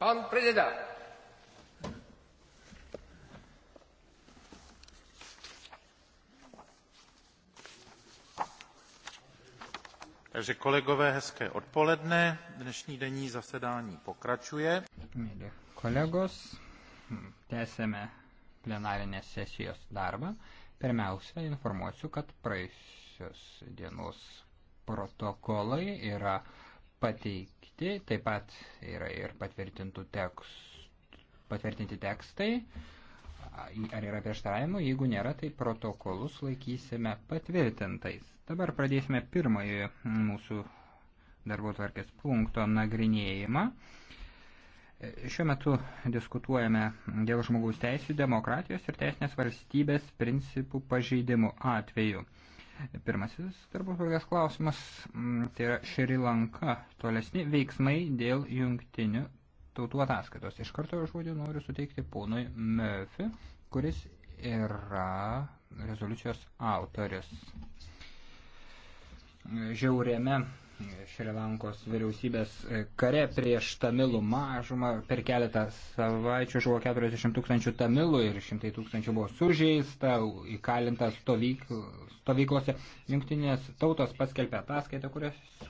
Pan prezident. Takže kolegové, hezké odpoledne. Dnešní denní zasedání pokračuje. Mėly kolegos, tęsėme plenarinės sesijos darbą. Pirmiausia, informuosiu, kad praėjusios dienos protokolai yra pateikti, taip pat yra ir patvirtintų tekst, patvirtinti tekstai. Ar yra prieštaravimų? Jeigu nėra, tai protokolus laikysime patvirtintais. Dabar pradėsime pirmąjį mūsų darbo tvarkės punkto nagrinėjimą. E, šiuo metu diskutuojame dėl žmogaus teisų, demokratijos ir teisinės valstybės principų pažeidimų atveju. Pirmasis darbo tvarkės klausimas mm, - tai yra Šri Lanka tolesni veiksmai dėl jungtinių tautų ataskaitos. Iš karto žodį noriu suteikti ponui Murphy, kuris yra rezoliucijos autoris. Žiauriame Šrilankos vyriausybės kare prieš tamilų mažumą. Per keletą savaičių žuvo 40 tūkstančių tamilų ir šimtai tūkstančių buvo sužeista, įkalinta stovyk, stovyklose. Junktinės tautos paskelbė ataskaitą,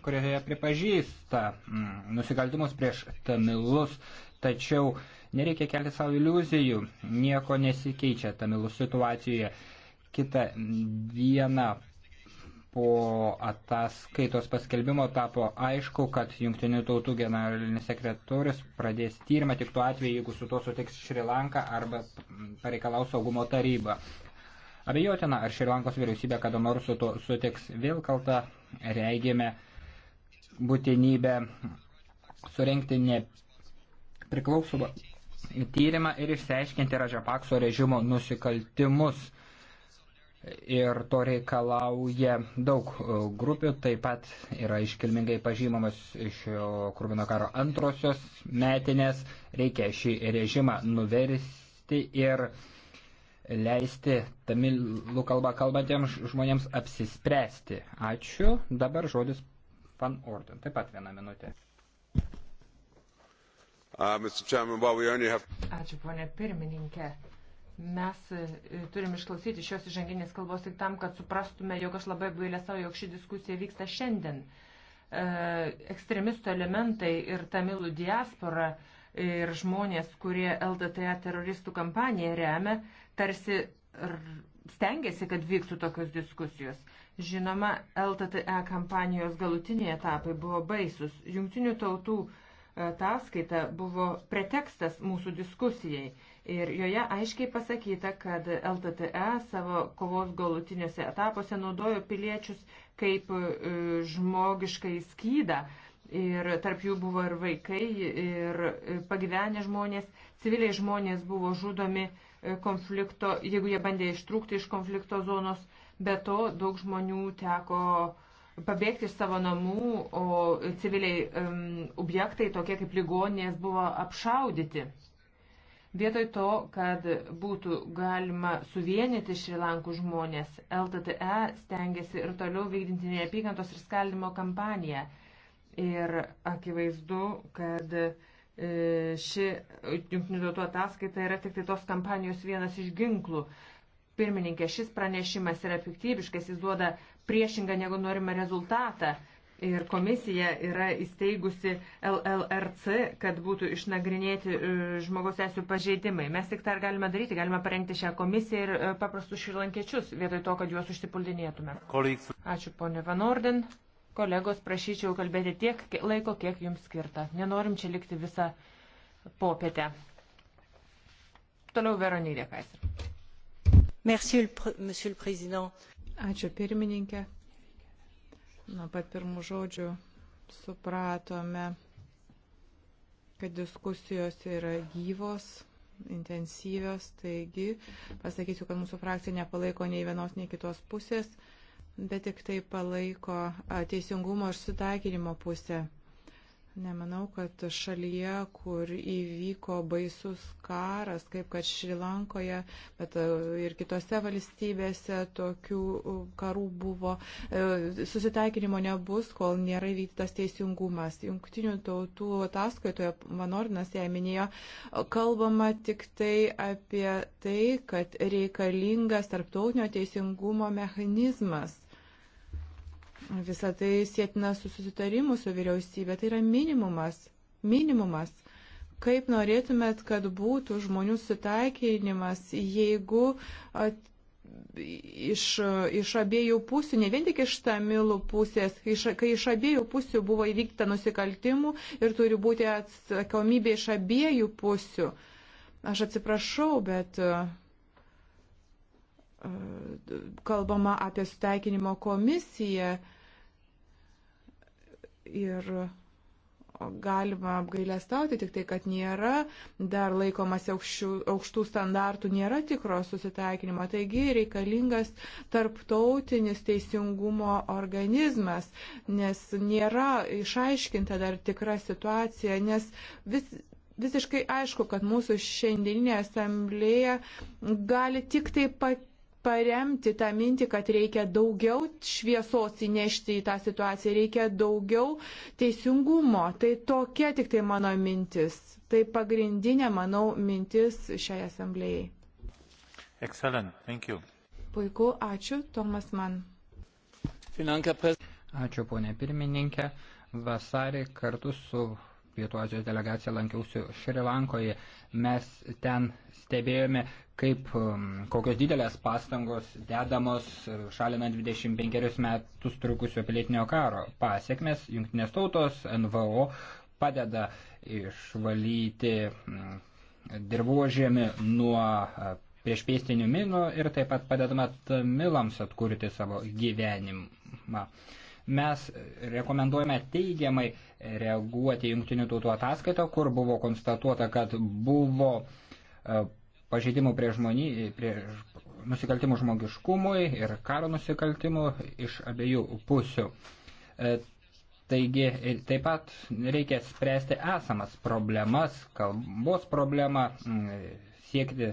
kurioje pripažįsta mm, nusikaltimus prieš tamilus. Tačiau nereikia kelti savo iliuzijų, nieko nesikeičia tamilų situacijoje. Kita diena po ataskaitos paskelbimo tapo aišku, kad Junktinių tautų generalinis sekretorius pradės tyrimą tik tuo atveju, jeigu su to sutiks Šrilanka arba pareikalaus saugumo taryba. Abejotina, ar Šrilankos vyriausybė kada nors su to sutiks vėl kalta, reigėme būtinybę surenkti nepriklausomą tyrimą ir išsiaiškinti Ražapakso režimo nusikaltimus ir to reikalauja daug e, grupių, taip pat yra iškilmingai pažymamas iš Krūvino karo antrosios metinės, reikia šį režimą nuversti ir leisti tamilų kalbą kalbantiems žmonėms apsispręsti. Ačiū, dabar žodis Van Orden, taip pat vieną minutę. Uh, Chairman, have... Ačiū, ponė pirmininkė. Uh, Mes e, turim išklausyti šios įžanginės kalbos tik tam, kad suprastume, jog aš labai apgailę savo, jog ši diskusija vyksta šiandien. E, Ekstremistų elementai ir tamilų diaspora ir žmonės, kurie LDTA teroristų kampaniją remia, tarsi stengiasi, kad vyktų tokios diskusijos. Žinoma, LTTE kampanijos galutiniai etapai buvo baisus. Jungtinių tautų uh, ataskaita buvo pretekstas mūsų diskusijai. Ir joje aiškiai pasakyta, kad LTTE savo kovos galutiniuose etapuose naudojo piliečius kaip e, žmogiškai skydą. Ir tarp jų buvo ir vaikai, ir e, pagyvenę žmonės, civiliai žmonės buvo žudomi e, konflikto, jeigu jie bandė ištrūkti iš konflikto zonos, be to daug žmonių teko uh, pabėgti iš savo namų, o civiliai um, objektai, tokie kaip ligoninės, buvo apšaudyti. Vietoj to, kad būtų galima suvienyti Šrilankų žmonės, LTTE stengiasi ir toliau vykdinti neapykantos ir skaldimo kampaniją. Ir akivaizdu, kad e, ši jungtinių tautų ataskaita yra tik tai tos kampanijos vienas iš ginklų pirmininkė, šis pranešimas yra piktybiškas, jis duoda priešingą negu norimą rezultatą. Ir komisija yra įsteigusi LLRC, kad būtų išnagrinėti e, žmogaus teisų pažeidimai. Mes tik tą ir galime daryti, galime parengti šią komisiją ir e, paprastus šilankiečius, vietoj to, kad juos užsipuldinėtume. Ačiū, ponė Van Orden. Kolegos, prašyčiau kalbėti tiek laiko, kiek jums skirta. Nenorim čia likti visą popietę. Toliau Veronė Kaiser. Merci, monsieur le président. Ačiū pirmininkė. Nuo pat pirmų žodžių supratome, kad diskusijos yra gyvos, intensyvios, taigi pasakysiu, kad mūsų frakcija nepalaiko nei vienos, nei kitos pusės, bet tik tai palaiko teisingumo ir sutaikinimo pusę. Nemanau, kad šalyje, kur įvyko baisus karas, kaip kad Šrilankoje, bet e, ir kitose valstybėse tokių e, karų buvo, e, susitaikinimo nebus, kol nėra įvyktas teisingumas. Junktinių tautų ataskaitoje, Vanordinas ją minėjo, kalbama tik tai apie tai, kad reikalingas tarptautinio teisingumo mechanizmas Visą tai sėtina su susitarimu su vyriausybė. Tai yra minimumas. Minimumas. Kaip norėtumėt, kad būtų žmonių sutaikinimas, jeigu at, iš, iš abiejų pusių, ne vien tik iš tamilų pusės, iš, kai iš abiejų pusių buvo įvykta nusikaltimų ir turi būti atsakomybė iš abiejų pusių. Aš atsiprašau, bet e, kalbama apie sutaikinimo komisiją. Ir galima apgailestauti tik tai, kad nėra dar laikomasi aukščių, aukštų standartų, nėra tikro susitaikinimo. Taigi reikalingas tarptautinis teisingumo organizmas, nes nėra išaiškinta dar tikra situacija, nes vis. Visiškai aišku, kad mūsų šiandieninė asamblėja gali tik tai pat paremti tą mintį, kad reikia daugiau šviesos įnešti į tą situaciją, reikia daugiau teisingumo. Tai tokia tik tai mano mintis. Tai pagrindinė, manau, mintis šiai asamblėjai. Excellent, thank you. Puiku, ačiū, Tomas man. Ačiū, ponė pirmininkė. Vasarį kartu su Pietų Azijos delegacija lankiausi Šrilankoje. Mes ten stebėjome, kaip um, kokios didelės pastangos dedamos šalinant 25 metus trukusio pilietinio karo pasiekmes. Junktinės tautos NVO padeda išvalyti mm, dirbožėmį nuo prieš pėstinių minų ir taip pat padedama tamilams atkurti savo gyvenimą. Mes rekomenduojame teigiamai reaguoti į jungtinių tautų ataskaitą, kur buvo konstatuota, kad buvo e, pažeidimų prie, žmonį, prie nusikaltimų žmogiškumui ir karo nusikaltimų iš abiejų pusių. E, taigi e, taip pat reikia spręsti esamas problemas, kalbos problemą, siekti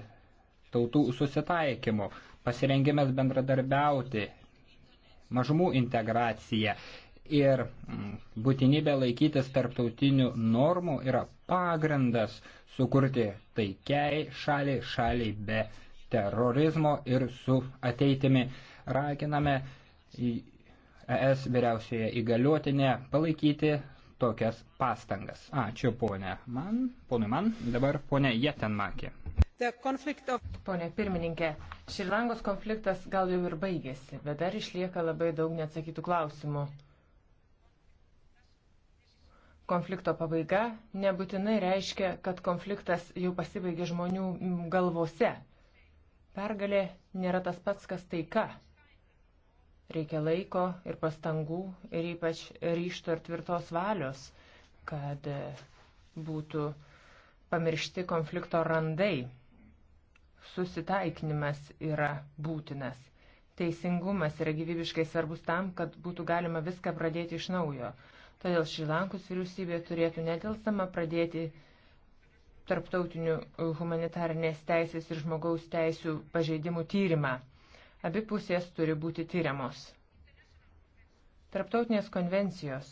tautų susitaikymo, pasirengimas bendradarbiauti, mažumų integracija. Ir mm, būtinybė laikytis tarptautinių normų yra pagrindas sukurti taikiai šaliai, šaliai be terorizmo ir su ateitimi. Raginame ES vyriausioje įgaliotinė palaikyti tokias pastangas. Ačiū ponė man, ponui man, dabar ponė Jetenmakė. Of... Pone pirmininkė, Šrilankos konfliktas gal jau ir baigėsi, bet dar išlieka labai daug neatsakytų klausimų. Konflikto pabaiga nebūtinai reiškia, kad konfliktas jau pasibaigė žmonių galvose. Pergalė nėra tas pats, kas taika. Reikia laiko ir pastangų ir ypač ryšto ir tvirtos valios, kad būtų pamiršti konflikto randai susitaikinimas yra būtinas. Teisingumas yra gyvybiškai svarbus tam, kad būtų galima viską pradėti iš naujo. Todėl Šilankus vyriausybė turėtų netilsama pradėti tarptautinių humanitarinės teisės ir žmogaus teisų pažeidimų tyrimą. Abi pusės turi būti tyriamos. Tarptautinės konvencijos,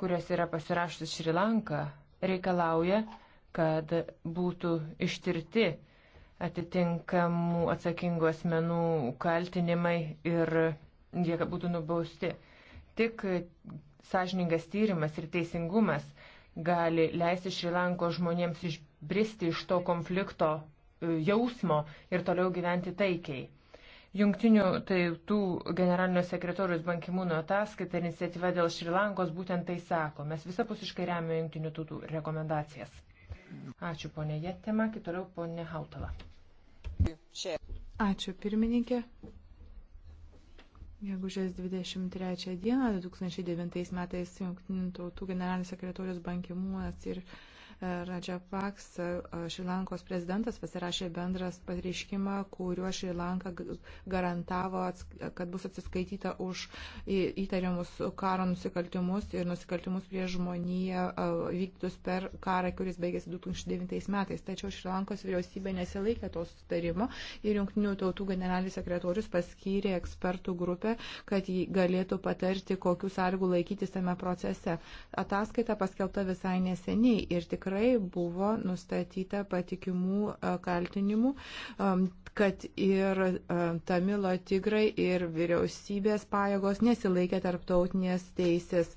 kurios yra pasirašusi Šrilanka, reikalauja, kad būtų ištirti atitinkamų atsakingų asmenų kaltinimai ir jie būtų nubausti. Tik sąžiningas tyrimas ir teisingumas gali leisti Šrilanko žmonėms išbristi iš to konflikto e, jausmo ir toliau gyventi taikiai. Jungtinių tautų generalinio sekretorius Bankimūno ataskaita iniciatyva dėl Šrilankos būtent tai sako. Mes visapusiškai remiame Jungtinių tautų rekomendacijas. Ačiū ponė Jetemaki, toliau ponė Hautala. Ačiū pirmininkė. Gegužės 23 dieną 2009 metais Junktinių tautų generalinis sekretorius Bankimuonas ir uh, Rajapaksa, Šrilankos prezidentas, pasirašė bendras pareiškimą, kuriuo Šrilanka garantavo, kad bus atsiskaityta už įtariamus karo nusikaltimus ir nusikaltimus prie žmoniją vykdytus per karą, kuris baigėsi 2009 metais. Tačiau Šrilankos vyriausybė nesilaikė to sustarimo ir Junktinių tautų generalinis sekretorius paskyrė ekspertų grupę, kad jį galėtų patarti, kokius sąlygų laikytis tame procese. Ataskaita paskelbta visai neseniai ir tikrai tikrai buvo nustatyta patikimų e, kaltinimų, kad ir e, Tamilo tigrai ir vyriausybės pajėgos nesilaikė tarptautinės teisės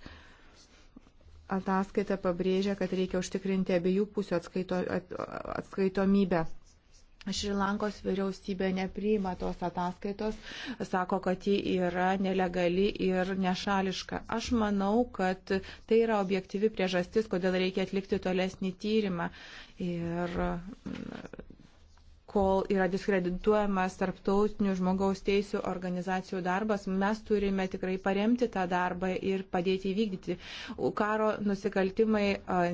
ataskaita pabrėžia, kad reikia užtikrinti abiejų pusių atskaito, at, atskaitomybę. Šrilankos vyriausybė nepriima tos ataskaitos, sako, kad ji yra nelegali ir nešališka. Aš manau, kad tai yra objektyvi priežastis, kodėl reikia atlikti tolesnį tyrimą. Ir kol yra diskredituojamas tarptautinių žmogaus teisų organizacijų darbas, mes turime tikrai paremti tą darbą ir padėti įvykdyti. Karo nusikaltimai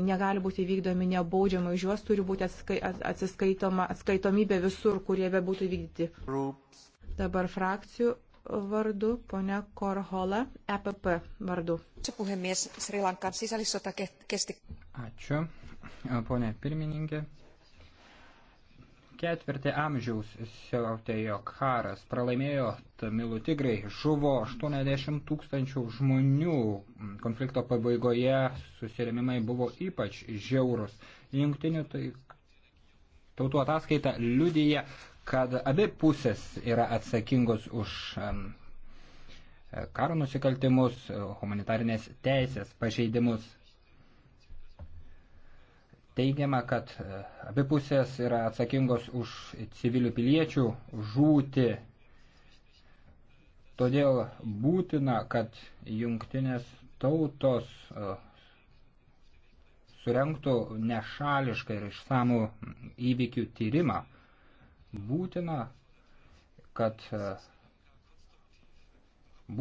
negali būti vykdomi nebaudžiamai, už juos turi būti atsiskaitoma atskaitomybė visur, kurie be būtų įvykdyti. Rūps. Dabar frakcijų vardu, ponia Korhola, EPP vardu. Ačiū, ponė pirmininkė ketvirtį amžiaus siautėjo karas, pralaimėjo tamilų tigrai, žuvo 80 tūkstančių žmonių, konflikto pabaigoje susirėmimai buvo ypač žiaurus. Jungtinių tai- tautų ataskaita liudyja, kad abi pusės yra atsakingos už karo nusikaltimus, humanitarinės teisės pažeidimus teigiama, kad e, abi pusės yra atsakingos už civilių piliečių žūti. Todėl būtina, kad jungtinės tautos e, surenktų nešališką ir išsamų įvykių tyrimą. Būtina, kad e,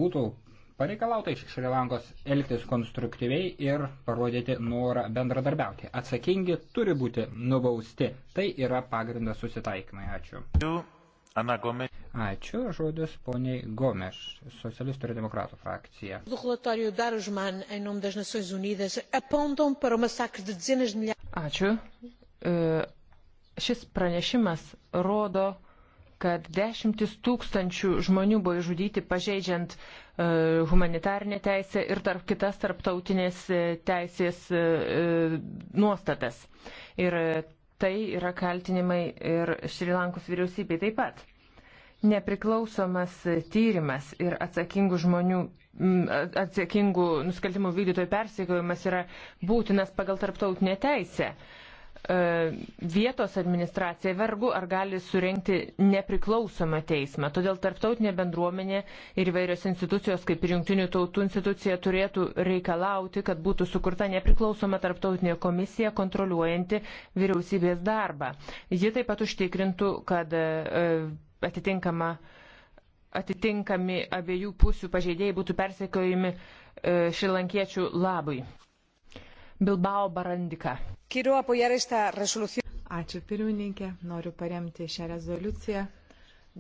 būtų pareikalauta iš Šrilankos elgtis konstruktyviai ir parodyti norą bendradarbiauti. Atsakingi turi būti nubausti. Tai yra pagrindas susitaikymai. Ačiū. Ačiū, žodis poniai Gomes, socialistų ir demokratų frakcija. Ačiū. Eh, šis pranešimas rodo, kad dešimtis tūkstančių žmonių buvo išžudyti pažeidžiant e, humanitarinę teisę ir tarp kitas tarptautinės e, teisės e, e, nuostatas. Ir e, tai yra kaltinimai ir Šrilankos vyriausybei taip pat. Nepriklausomas tyrimas ir atsakingų žmonių, atsakingų nusikaltimų vykdytojų persiekiojimas yra būtinas pagal tarptautinę teisę. E, vietos administracija vergu ar gali surenkti nepriklausomą teismą. Todėl tarptautinė bendruomenė ir įvairios institucijos, kaip ir jungtinių tautų institucija, turėtų reikalauti, kad būtų sukurta nepriklausoma tarptautinė komisija kontroliuojanti vyriausybės darbą. Ji taip pat užtikrintų, kad e, atitinkama atitinkami abiejų pusių pažeidėjai būtų persekiojami e, šilankiečių labui. Bilbao Barandika. Ačiū pirmininkė, noriu paremti šią rezoliuciją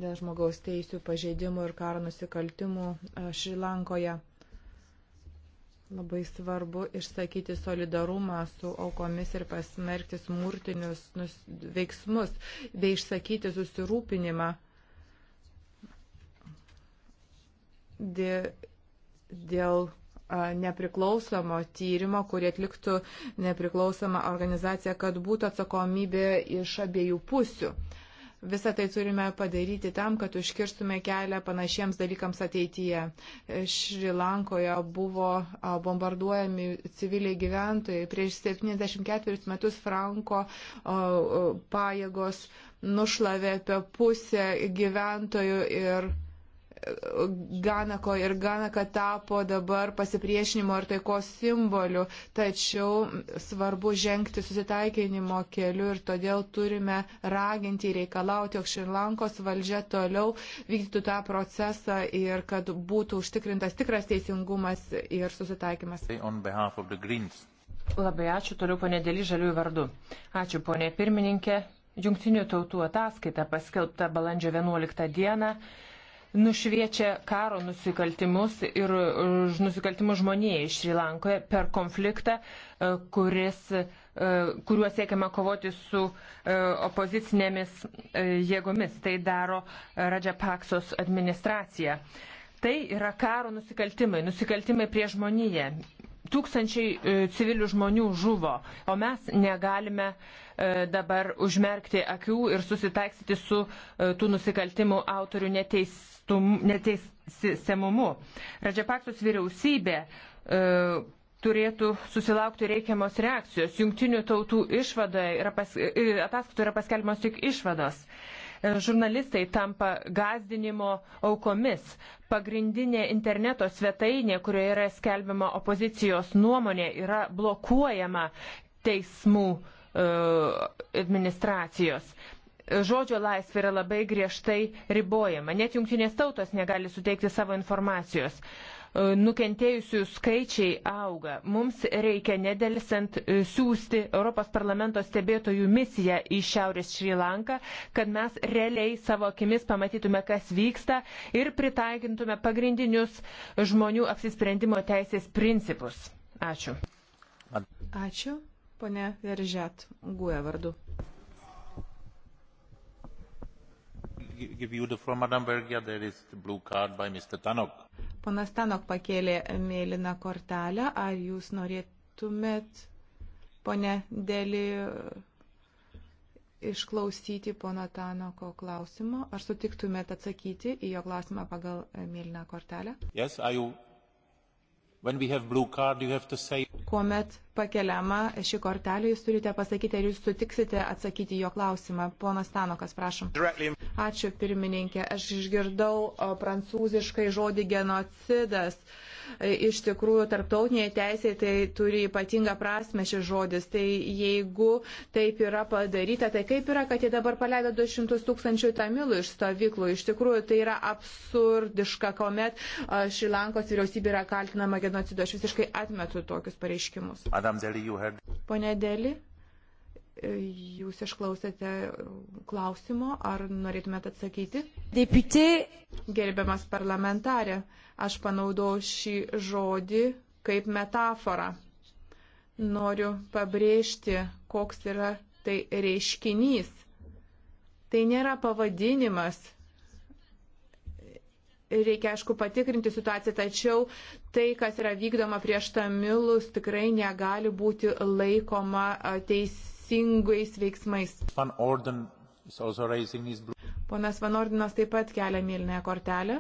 dėl žmogaus teisų pažeidimų ir karo nusikaltimų e, Šrilankoje. Labai svarbu išsakyti solidarumą su aukomis ir pasmerkti smurtinius veiksmus, bei išsakyti susirūpinimą dėl nepriklausomo tyrimo, kurį atliktų nepriklausoma organizacija, kad būtų atsakomybė iš abiejų pusių. Visą tai turime padaryti tam, kad užkirstume kelią panašiems dalykams ateityje. Šrilankoje buvo bombarduojami civiliai gyventojai. Prieš 74 metus Franko pajėgos nušlavė apie pusę gyventojų ir Ganako ir Ganaka tapo dabar pasipriešinimo ir taikos simboliu, tačiau svarbu žengti susitaikinimo keliu ir todėl turime raginti ir reikalauti, jog Šrilankos valdžia toliau vykdytų tą procesą ir kad būtų užtikrintas tikras teisingumas ir susitaikymas. Labai ačiū, toliau ponė Dėly Žaliųjų vardu. Ačiū ponė pirmininkė. Junktinių tautų ataskaita paskelbta balandžio 11 dieną nušviečia karo nusikaltimus ir nusikaltimus žmonijai Šri Lankoje per konfliktą, e, kuris, e, kuriuo siekiama kovoti su e, opozicinėmis jėgomis. Tai daro Radžapaksos administracija. Tai yra karo nusikaltimai, nusikaltimai prie žmoniją. Tūkstančiai civilių žmonių žuvo, o mes negalime dabar užmerkti akių ir susitaiksyti su tų nusikaltimų autorių neteis, neteisiamumu. Radžiapaktos vyriausybė e, turėtų susilaukti reikiamos reakcijos. Jungtinių tautų yra pas, e, ataskaitų yra paskelbimos tik išvados. E, žurnalistai tampa gazdinimo aukomis. Pagrindinė interneto svetainė, kurioje yra skelbiama opozicijos nuomonė, yra blokuojama teismų e, administracijos žodžio laisvė yra labai griežtai ribojama. Net jungtinės tautos negali suteikti savo informacijos. E, Nukentėjusių skaičiai auga. Mums reikia nedelsiant e, siūsti Europos parlamento stebėtojų misiją į Šiaurės Šri Lanką, kad mes realiai savo akimis pamatytume, kas vyksta ir pritaikintume pagrindinius žmonių apsisprendimo teisės principus. Ačiū. Ačiū, ponė Veržet, Guja vardu. give you the floor, Madam Bergia. There is the blue card by Mr. Tanok. Ponas Tanok pakėlė mėlyną kortelę. Ar jūs norėtumėt, ponė Deli, išklausyti pono Tanoko klausimo? Ar sutiktumėt atsakyti į jo klausimą pagal mėlyną kortelę? Yes, you... card, say... Kuomet pakeliama ši kortelė, jūs turite pasakyti, ar jūs sutiksite atsakyti jo klausimą. Ponas Tanokas, prašom. Directly... Ačiū pirmininkė. Aš išgirdau prancūziškai žodį genocidas. E, iš tikrųjų, tarptautinėje teisėje tai turi ypatingą prasme šis žodis. Tai jeigu taip yra padaryta, tai kaip yra, kad jie dabar paleido 200 tūkstančių tamilų iš stovyklų? Iš tikrųjų, tai yra absurdiška, kuomet e, Šilankos vyriausybė yra kaltinama genocidu. Aš visiškai atmetu tokius pareiškimus. Deli, had... Pone Deli. Jūs išklausėte klausimo, ar norėtumėt atsakyti? Deputė. Gerbiamas parlamentarė, aš panaudojau šį žodį kaip metaforą. Noriu pabrėžti, koks yra tai reiškinys. Tai nėra pavadinimas. Reikia, aišku, patikrinti situaciją, tačiau tai, kas yra vykdoma prieš tamilus, tikrai negali būti laikoma teisė teisingais veiksmais. Ponas Van Ordinas taip pat kelia mėlynąją kortelę.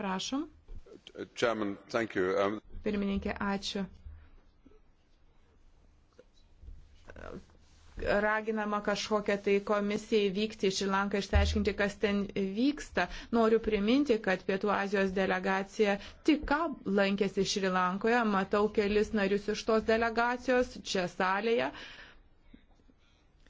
Prašom. Chairman, um... Pirmininkė, ačiū raginama kažkokia tai komisija įvykti į Šilanką išsiaiškinti, kas ten vyksta. Noriu priminti, kad Pietų Azijos delegacija tik ką lankėsi Šilankoje, matau kelis narius iš tos delegacijos čia salėje. Uh,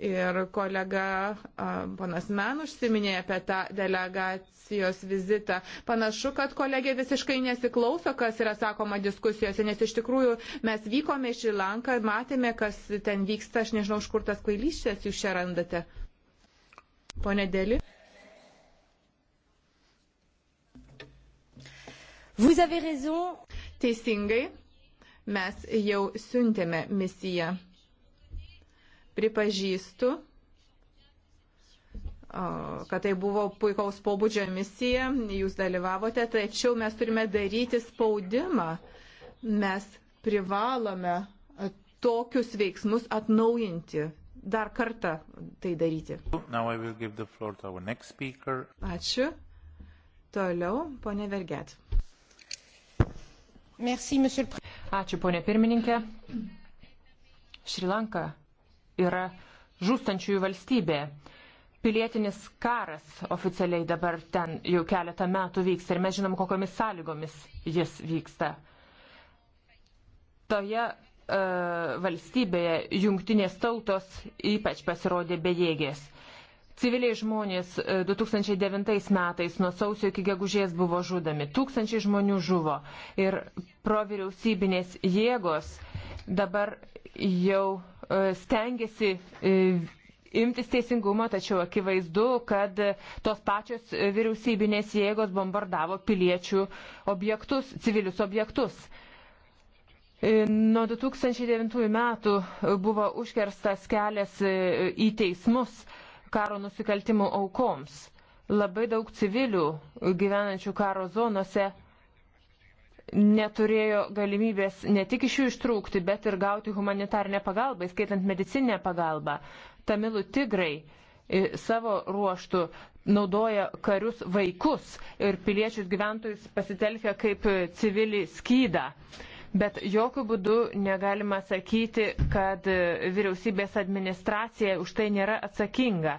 Ir kolega panas Men užsiminė apie tą delegacijos vizitą. Panašu, kad kolegė visiškai nesiklauso, kas yra sakoma diskusijose, nes iš tikrųjų mes vykome į Šilanką, matėme, kas ten vyksta, aš nežinau, iš kur tas kvailysčias jūs čia randate. Pone Deli. Teisingai, mes jau siuntėme misiją Pripažįstu, kad tai buvo puikaus pobūdžio misija, jūs dalyvavote, tačiau mes turime daryti spaudimą. Mes privalome tokius veiksmus atnaujinti. Dar kartą tai daryti. Ačiū. Toliau, ponė Verget. Merci, Ačiū, ponė pirmininkė. Šrilanka yra žūstančiųjų valstybė. Pilietinis karas oficialiai dabar ten jau keletą metų vyksta ir mes žinom, kokiamis sąlygomis jis vyksta. Toje e, valstybėje jungtinės tautos ypač pasirodė bejėgės. Civiliai žmonės 2009 e, metais nuo sausio iki gegužės buvo žudomi. Tūkstančiai žmonių žuvo. Ir provyriausybinės jėgos dabar jau E, stengiasi e, imtis teisingumo, tačiau akivaizdu, kad tos pačios vyriausybinės jėgos bombardavo piliečių objektus, civilius objektus. E, nuo 2009 metų buvo užkerstas kelias į teismus karo nusikaltimų aukoms. Labai daug civilių gyvenančių karo zonose neturėjo galimybės ne tik iš jų ištrūkti, bet ir gauti humanitarnę pagalbą, įskaitant medicinę pagalbą. Tamilų tigrai e, savo ruoštų naudoja karius vaikus ir piliečius gyventojus pasitelkia kaip e, civilį skydą. Bet jokių būdų negalima sakyti, kad e, vyriausybės administracija už tai nėra atsakinga.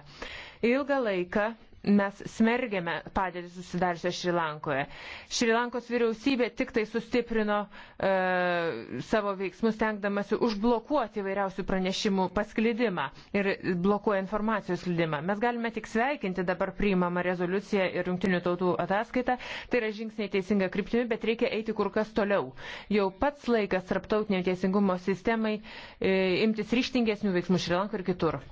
Ilgą laiką mes smergėme padėtį susidariusią Šrilankoje. Šrilankos vyriausybė tik tai sustiprino e, savo veiksmus, tenkdamasi užblokuoti vairiausių pranešimų pasklidimą ir blokuoja informacijos sklidimą. Mes galime tik sveikinti dabar priimamą rezoliuciją ir jungtinių tautų ataskaitą. Tai yra žingsniai teisinga kryptimi, bet reikia eiti kur kas toliau. Jau pats laikas tarptautinio teisingumo sistemai e, imtis ryštingesnių veiksmų Šrilankoje ir kitur.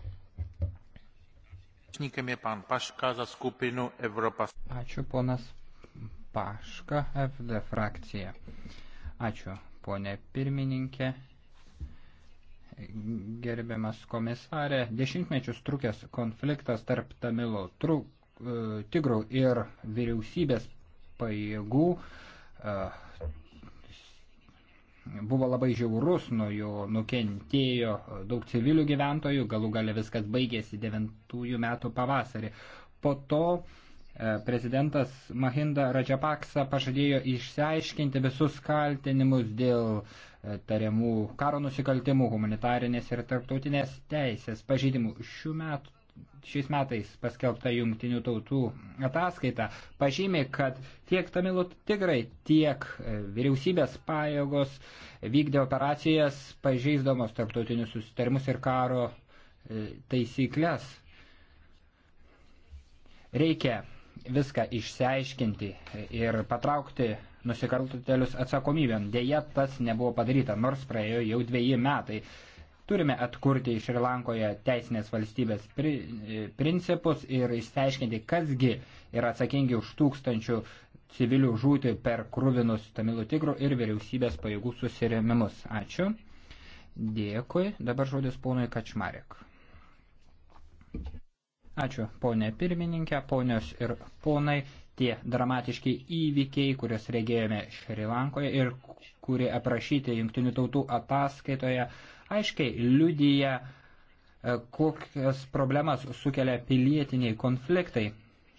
Ačiū ponas Paška, FD frakcija. Ačiū ponė pirmininkė. Gerbiamas komisarė, dešimtmečius trukęs konfliktas tarp Tamilo truk, e, tigrų ir vyriausybės pajėgų e, buvo labai žiaurus, nuo jo nukentėjo daug civilių gyventojų, galų gale viskas baigėsi 9 metų pavasarį. Po to e, prezidentas Mahinda Rajapaksa pažadėjo išsiaiškinti visus kaltinimus dėl e, tariamų karo nusikaltimų, humanitarinės ir tarptautinės teisės pažydimų. Šių metų šiais metais paskelbta jungtinių tautų ataskaita pažymė, kad tiek tamilų tigrai, tiek e, vyriausybės pajėgos vykdė operacijas pažeisdamos tarptautinius susitarimus ir karo e, taisyklės. Reikia viską išsiaiškinti e, ir patraukti nusikaltėlius atsakomybėm. Deja, tas nebuvo padaryta, nors praėjo jau dviejį metai. Turime atkurti iš Šrilankoje teisinės valstybės pri, e, principus ir išsiaiškinti, kasgi yra atsakingi už tūkstančių civilių žūti per krūvinus Tamilų tigrų ir vyriausybės pajėgų susirėmimus. Ačiū. Dėkui. Dabar žodis ponui Kačmarek. Ačiū, ponė pirmininkė, ponios ir ponai. Tie dramatiški įvykiai, kuriuos regėjome Šrilankoje ir kurie aprašyti Junktinių tautų ataskaitoje, uh, aiškiai liudyja, e, kokias problemas sukelia pilietiniai konfliktai.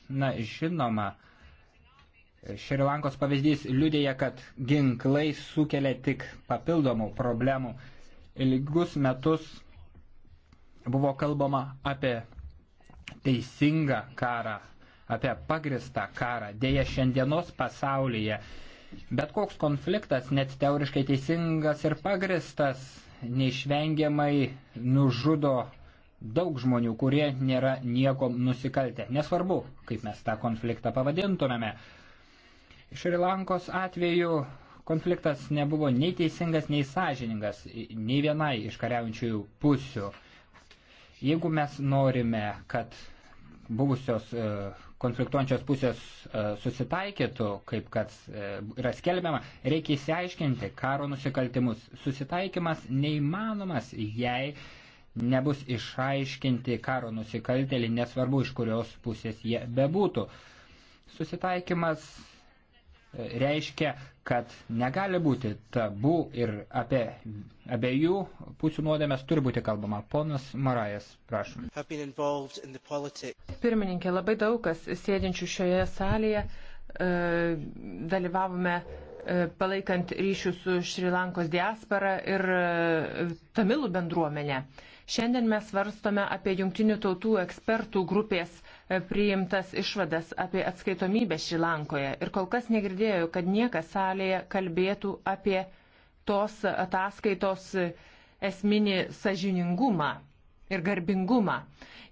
Na, žinoma, Šrilankos pavyzdys liudėja, kad ginklai sukelia tik papildomų problemų. Ilgus metus buvo kalbama apie teisingą karą, apie pagristą karą. Deja, šiandienos pasaulyje bet koks konfliktas, net teoriškai teisingas ir pagristas, neišvengiamai nužudo daug žmonių, kurie nėra nieko nusikaltę. Nesvarbu, kaip mes tą konfliktą pavadintumėme. Šri Lankos atveju konfliktas nebuvo nei teisingas, nei sąžiningas, nei vienai iš kariaujančiųjų pusių. Jeigu mes norime, kad buvusios uh, konfliktuojančios pusės e, susitaikytų, kaip kad e, yra skelbiama, reikia įsiaiškinti karo nusikaltimus. Susitaikymas neįmanomas, jei nebus išaiškinti karo nusikaltelį, nesvarbu iš kurios pusės jie bebūtų. Susitaikymas e, reiškia, kad negali būti tabų ir apie abiejų pusių nuodėmės turi būti kalbama. Ponas Marajas, prašom. Pirmininkė, labai daug kas sėdinčių šioje salėje e, dalyvavome e, palaikant ryšių su Šrilankos diaspora ir e, tamilų bendruomenė. Šiandien mes svarstome apie jungtinių tautų ekspertų grupės e, priimtas išvadas apie atskaitomybę Šilankoje. Ir kol kas negirdėjau, kad niekas salėje kalbėtų apie tos ataskaitos esminį sažiningumą ir garbingumą.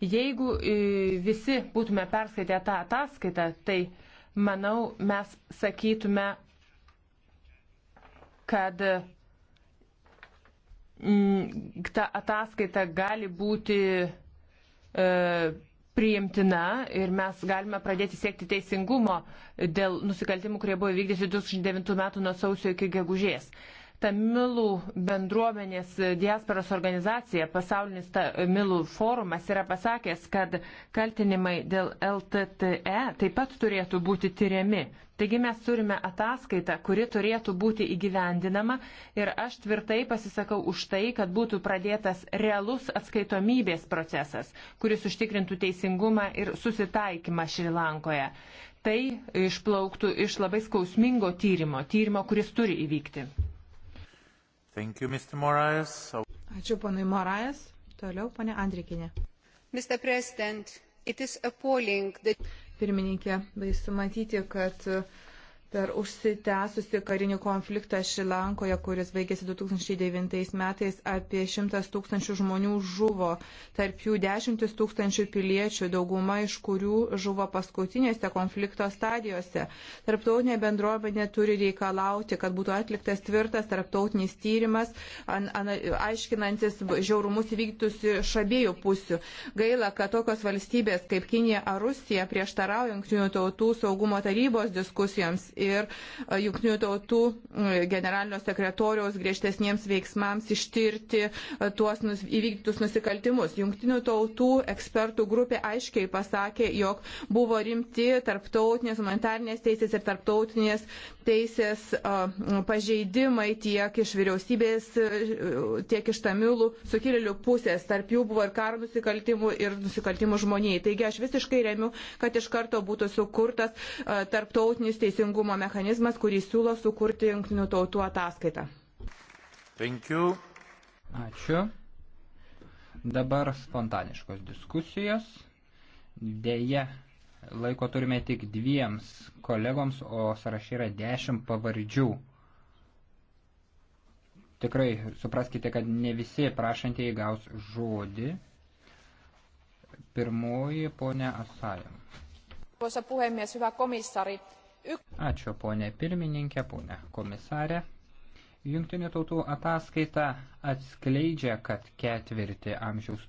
Jeigu e, visi būtume perskaitę tą ataskaitą, tai manau mes sakytume, kad ta ataskaita gali būti e, priimtina ir mes galime pradėti siekti teisingumo dėl nusikaltimų, kurie buvo įvykdyti 2009 metų nuo sausio iki gegužės. Tamilų bendruomenės diasporos organizacija, pasaulinis Tamilų forumas yra pasakęs, kad kaltinimai dėl LTTE taip pat turėtų būti tyriami. Taigi mes turime ataskaitą, kuri turėtų būti įgyvendinama ir aš tvirtai pasisakau už tai, kad būtų pradėtas realus atskaitomybės procesas, kuris užtikrintų teisingumą ir susitaikymą Šrilankoje. Tai išplauktų iš labai skausmingo tyrimo, tyrimo, kuris turi įvykti. Thank you, Mr. Morais. So... Ačiū ponui Morais. Toliau ponė Andrikinė. Mr. President, it is appalling that... Pirmininkė, baisu matyti, kad uh, per užsitęsusi karinį konfliktą Šilankoje, kuris baigėsi 2009 metais, apie 100 tūkstančių žmonių žuvo, tarp jų 10 tūkstančių piliečių, dauguma iš kurių žuvo paskutinėse konflikto stadijose. Tarptautinė bendruomenė turi reikalauti, kad būtų atliktas tvirtas tarptautinis tyrimas, an, an, aiškinantis žiaurumus įvykdytus iš abiejų pusių. Gaila, kad tokios valstybės kaip Kinija ar Rusija prieštarauja Junktinių tautų saugumo tarybos diskusijoms ir e, jungtinių tautų e, generalinio sekretoriaus griežtesniems veiksmams ištirti e, tuos nus, įvykdytus nusikaltimus. Jungtinių tautų ekspertų grupė aiškiai pasakė, jog buvo rimti tarptautinės humanitarnės teisės ir tarptautinės teisės pažeidimai tiek iš vyriausybės, tiek iš tamilų sukilėlių pusės. Tarp jų buvo ir karo nusikaltimų, ir nusikaltimų žmonijai. Taigi aš visiškai remiu, kad iš karto būtų sukurtas tarptautinis teisingumo stebėjimo mechanizmas, kurį siūlo sukurti jungtinių tautų ataskaita. Ačiū. Dabar spontaniškos diskusijos. Deja, laiko turime tik dviems kolegoms, o sąrašė yra dešimt pavardžių. Tikrai supraskite, kad ne visi prašantieji gaus žodį. Pirmoji ponia Asajam. Arvoisa puhemies, hyvä komissari, Ačiū ponė pirmininkė, ponė komisarė. Jungtinių tautų ataskaita atskleidžia, kad ketvirti amžiaus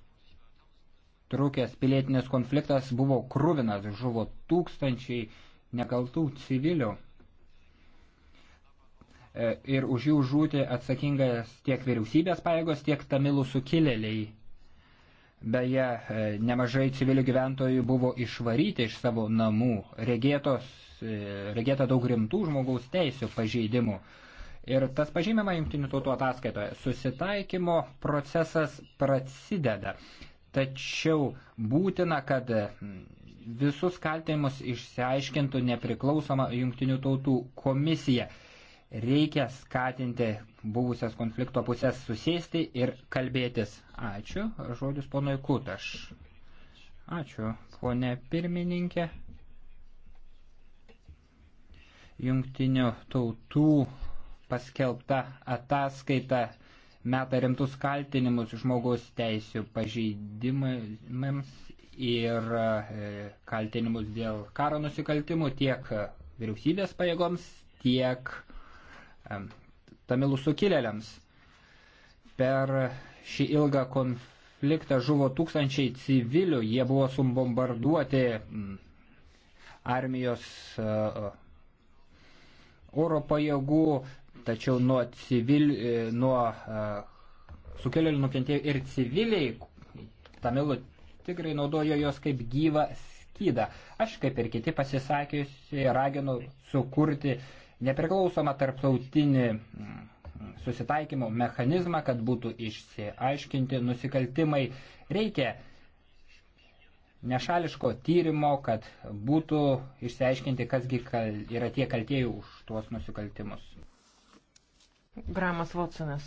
trukęs pilietinis konfliktas buvo krūvinas, žuvo tūkstančiai nekaltų civilių. E, ir už jų žūti atsakingas tiek vyriausybės paėgos, tiek tamilų sukilėliai. Beje, e, nemažai civilių gyventojų buvo išvaryti iš savo namų, regėtos, e, regėta daug rimtų žmogaus teisų pažeidimų. Ir tas pažymima jungtinių tautų ataskaitoje, susitaikymo procesas prasideda. Tačiau būtina, kad visus kaltinimus išsiaiškintų nepriklausoma jungtinių tautų komisija reikia skatinti buvusias konflikto pusės susėsti ir kalbėtis. Ačiū. Žodis ponui Kutaš. Ačiū, ponė pirmininkė. Jungtinių tautų paskelbta ataskaita meta rimtus kaltinimus žmogaus teisių pažeidimams ir e, kaltinimus dėl karo nusikaltimų tiek vyriausybės pajėgoms, tiek tamilų sukilėliams. Per šį ilgą konfliktą žuvo tūkstančiai civilių, jie buvo sumbombarduoti armijos e, e, oro pajėgų, tačiau nuo, civil, e, nuo sukilėlių nukentėjo ir civiliai, tamilų tigrai naudojo jos kaip gyvą skydą. Aš kaip ir kiti pasisakiusi raginu sukurti nepriklausomą tarptautinį mm, susitaikymo mechanizmą, kad būtų išsiaiškinti nusikaltimai. Reikia nešališko tyrimo, kad būtų išsiaiškinti, kasgi yra tie kaltieji už tuos nusikaltimus. Gramas Watsonas.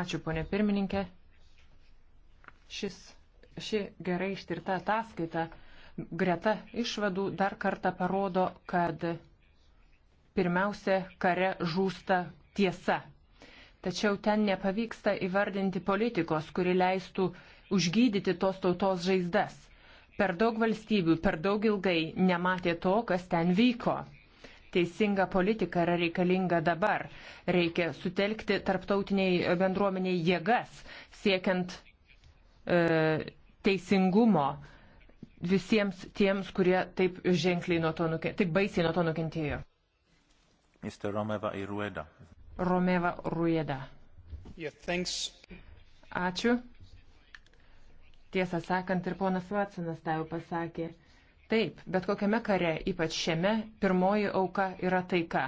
Ačiū, ponė pirmininkė. Šis, ši gerai ištirta ataskaita greta išvadų dar kartą parodo, kad pirmiausia, kare žūsta tiesa. Tačiau ten nepavyksta įvardinti politikos, kuri leistų užgydyti tos tautos žaizdas. Per daug valstybių, per daug ilgai nematė to, kas ten vyko. Teisinga politika yra reikalinga dabar. Reikia sutelkti tarptautiniai bendruomeniai jėgas, siekiant e, teisingumo visiems tiems, kurie taip ženkliai nuo to nukentėjo, taip baisiai nuo to nukentėjo. Mr. Romeva ir Rueda. Romeva Rueda. Yeah, thanks. Ačiū. Tiesą sakant, ir ponas Vatsonas tą jau pasakė. Taip, bet kokiame kare, ypač šiame, pirmoji auka yra taika.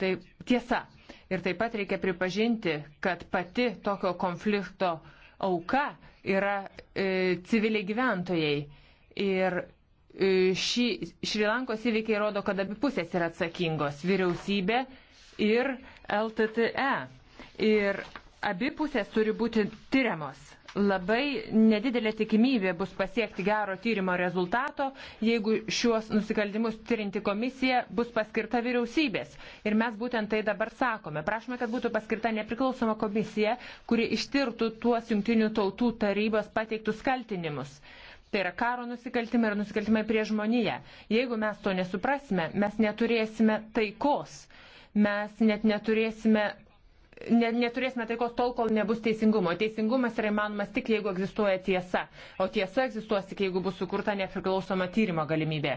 Tai tiesa. Ir taip pat reikia pripažinti, kad pati tokio konflikto auka yra e, civiliai gyventojai. Ir E, šį Šrilankos įvykiai rodo, kad abi pusės yra atsakingos - vyriausybė ir LTTE. Ir abi pusės turi būti tyriamos. Labai nedidelė tikimybė bus pasiekti gero tyrimo rezultato, jeigu šiuos nusikaltimus tyrinti komisija bus paskirta vyriausybės. Ir mes būtent tai dabar sakome. Prašome, kad būtų paskirta nepriklausoma komisija, kuri ištirtų tuos jungtinių tautų tarybos pateiktus kaltinimus. Uh, Tai yra karo nusikaltimai ir nusikaltimai prie žmoniją. Jeigu mes to nesuprasime, mes neturėsime taikos. Mes net neturėsime, ne, neturėsime taikos tol, kol nebus teisingumo. Teisingumas yra įmanomas tik jeigu egzistuoja tiesa. O tiesa egzistuos tik jeigu bus sukurta nepriklausoma tyrimo galimybė.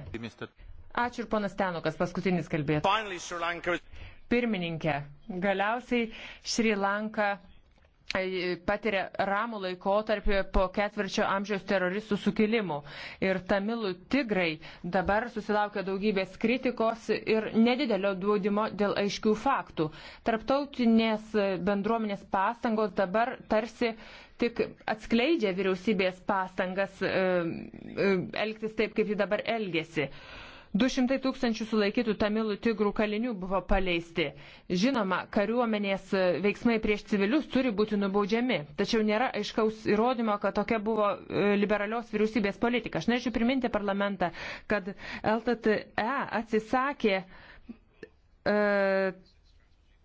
Ačiū ir ponas Tenukas, paskutinis kalbėtojas. Pirmininkė, galiausiai Šri Lanka patiria ramų laikotarpį po ketvirčio amžiaus teroristų sukilimų. Ir tamilų tigrai dabar susilaukia daugybės kritikos ir nedidelio duodimo dėl aiškių faktų. Tarptautinės bendruomenės pastangos dabar tarsi tik atskleidžia vyriausybės pastangas elgtis taip, kaip ji dabar elgesi. 200 tūkstančių sulaikytų tamilų tigrų kalinių buvo paleisti. Žinoma, kariuomenės veiksmai prieš civilius turi būti nubaudžiami, tačiau nėra aiškaus įrodymo, kad tokia buvo e, liberalios vyriausybės politika. Aš norėčiau priminti parlamentą, kad LTTE atsisakė e,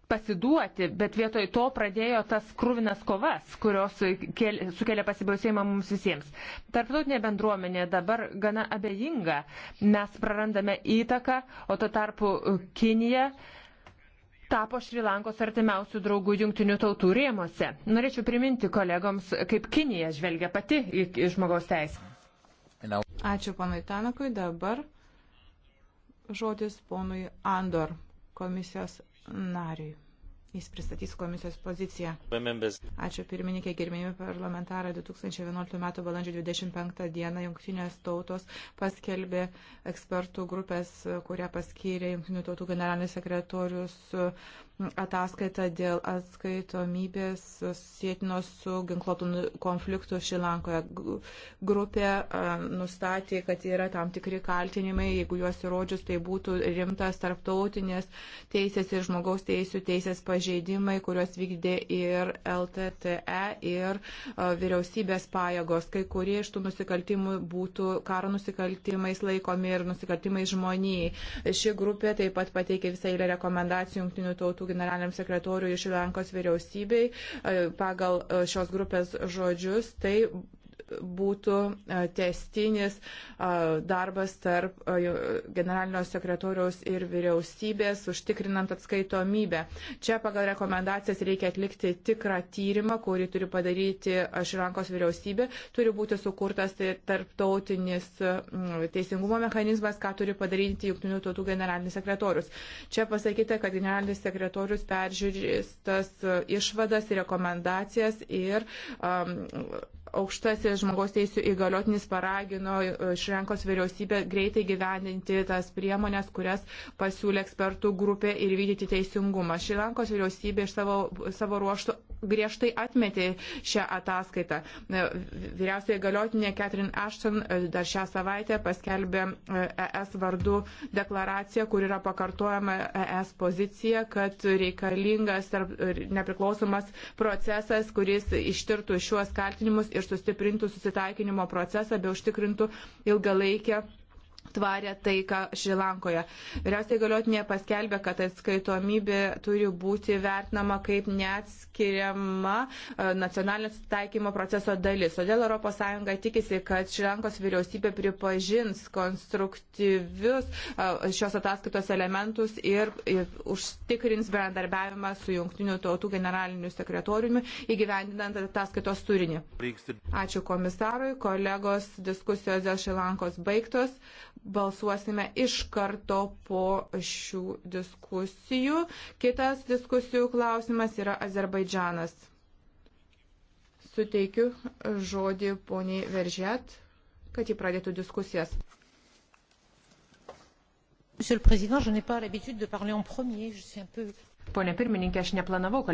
pasiduoti, bet vietoj to pradėjo tas krūvinas kovas, kurios kėlė, sukelia pasibausėjimą mums visiems. Tarptautinė bendruomenė dabar gana abejinga, mes prarandame įtaką, o to tarpu Kinija tapo Šrilankos artimiausių draugų jungtinių tautų rėmose. Norėčiau priminti kolegoms, kaip Kinija žvelgia pati į žmogaus teisę. Ačiū panai Tanakui, dabar žodis ponui Andor komisijos nariui. Jis pristatys komisijos poziciją. Ačiū pirmininkė, gerbėjami parlamentarai. 2011 m. balandžio 25 d. Junktinės tautos paskelbė ekspertų grupės, kurią paskyrė Junktinių tautų generalinis sekretorius ataskaitą dėl atskaitomybės sėtino su ginkluotų nu, konfliktų Šilankoje. Grupė nustatė, kad yra tam tikri kaltinimai, jeigu juos įrodžius, tai būtų rimtas tarptautinės teisės ir žmogaus teisų teisės pažeidimai, kuriuos vykdė ir LTTE, ir vyriausybės pajėgos. Kai kurie iš tų nusikaltimų būtų karo nusikaltimais laikomi ir nusikaltimais žmonijai. Ši grupė taip pat pateikė visą eilę rekomendacijų jungtinių tautų generaliniam sekretoriui iš Lenkos vyriausybei e, pagal e, šios grupės žodžius, tai būtų testinis darbas tarp generalinio sekretoriaus ir vyriausybės, užtikrinant atskaitomybę. Čia pagal rekomendacijas reikia atlikti tikrą tyrimą, kurį turi padaryti Šrilankos vyriausybė. Turi būti sukurtas tai tarptautinis teisingumo mechanizmas, ką turi padaryti Junktinių tautų generalinis sekretorius. Čia pasakyta, kad generalinis sekretorius peržiūrės tas išvadas ir rekomendacijas ir um, aukštasis žmogaus teisų įgaliotinis paragino e, Šrenkos vyriausybę greitai gyvendinti tas priemonės, kurias pasiūlė ekspertų grupė ir vykdyti teisingumą. Šrilankos vyriausybė iš savo, savo ruoštų griežtai atmetė šią ataskaitą. E, vyriausiai galiotinė Catherine Ashton e, dar šią savaitę paskelbė ES e vardu deklaraciją, kur yra pakartojama ES pozicija, kad reikalingas nepriklausomas procesas, kuris ištirtų šiuos kaltinimus ir sustiprintų susitaikinimo procesą bei užtikrintų ilgalaikę tvarę taiką Šrilankoje. Vyriausiai galiotinė paskelbė, kad atskaitomybė turi būti vertinama kaip neatskiriama e, nacionalinio sutaikymo proceso dalis. Todėl ES tikisi, kad Šrilankos vyriausybė pripažins konstruktyvius e, šios ataskaitos elementus ir užtikrins bendarbiavimą su jungtiniu tautų generaliniu sekretoriumi įgyvendinant ataskaitos turinį. Ačiū komisarui, kolegos diskusijos dėl Šilankos baigtos balsuosime iš karto po šių diskusijų. Kitas diskusijų klausimas yra Azerbaidžanas. Suteikiu žodį poniai Veržet, kad jį pradėtų diskusijas. Monsieur le Président, je n'ai pas l'habitude de parler en premier, je suis un peu Pone pirmininkė, aš neplanavau kalbėti.